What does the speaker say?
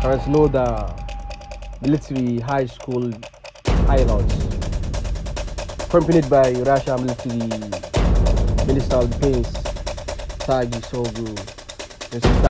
Parents know the military high school highlights, accompanied by Russia military minister of defense, Sergei Shoigu.